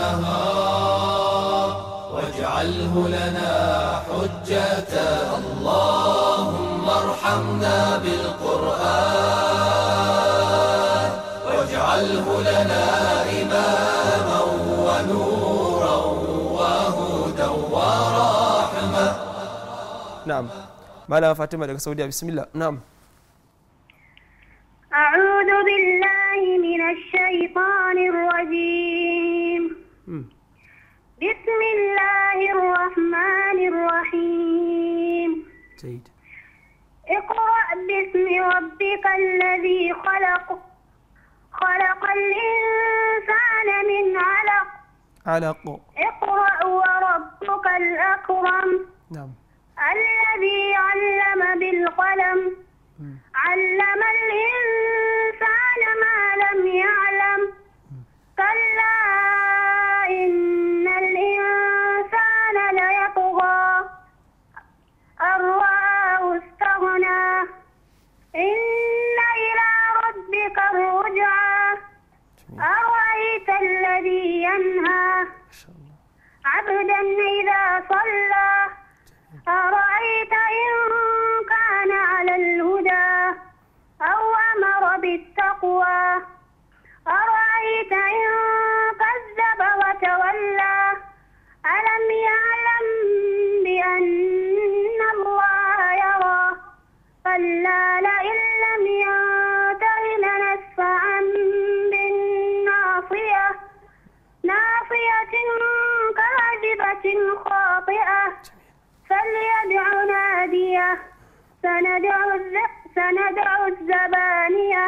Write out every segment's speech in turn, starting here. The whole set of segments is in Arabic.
والنهار واجعله لنا حجة اللهم ارحمنا بالقرآن واجعله لنا إماما ونورا وهدى ورحمة نعم مالا فاطمة لك سعودية بسم الله نعم أعوذ بالله من الشيطان الرجيم بسم الله الرحمن الرحيم جيد اقرأ باسم ربك الذي خلق خلق الإنسان من علق علق اقرأ وربك الأكرم نعم الذي علم بالقلم ذلك الذي ينهى عبدا إذا صلى أرأيت إن كان على الهدى أو أمر بالتقوى قرية كاذبة خاطئة فليدع نادية سندع سندع الزبانية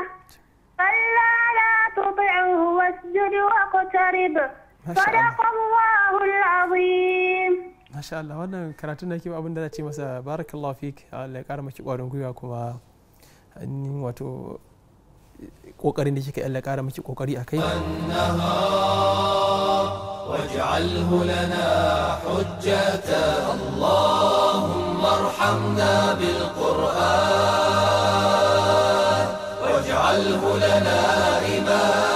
ألا لا تطعه واسجد واقترب صدق الله العظيم ما شاء الله وانا كراتنا كيف ابن دلتي مسا بارك الله فيك لك ارمى شكوارن قوية كما ان واتو كوكارين دي شكي اللي كارمى شكوكاري اكي واجعله لنا حجة اللهم ارحمنا بالقرآن واجعله لنا إماما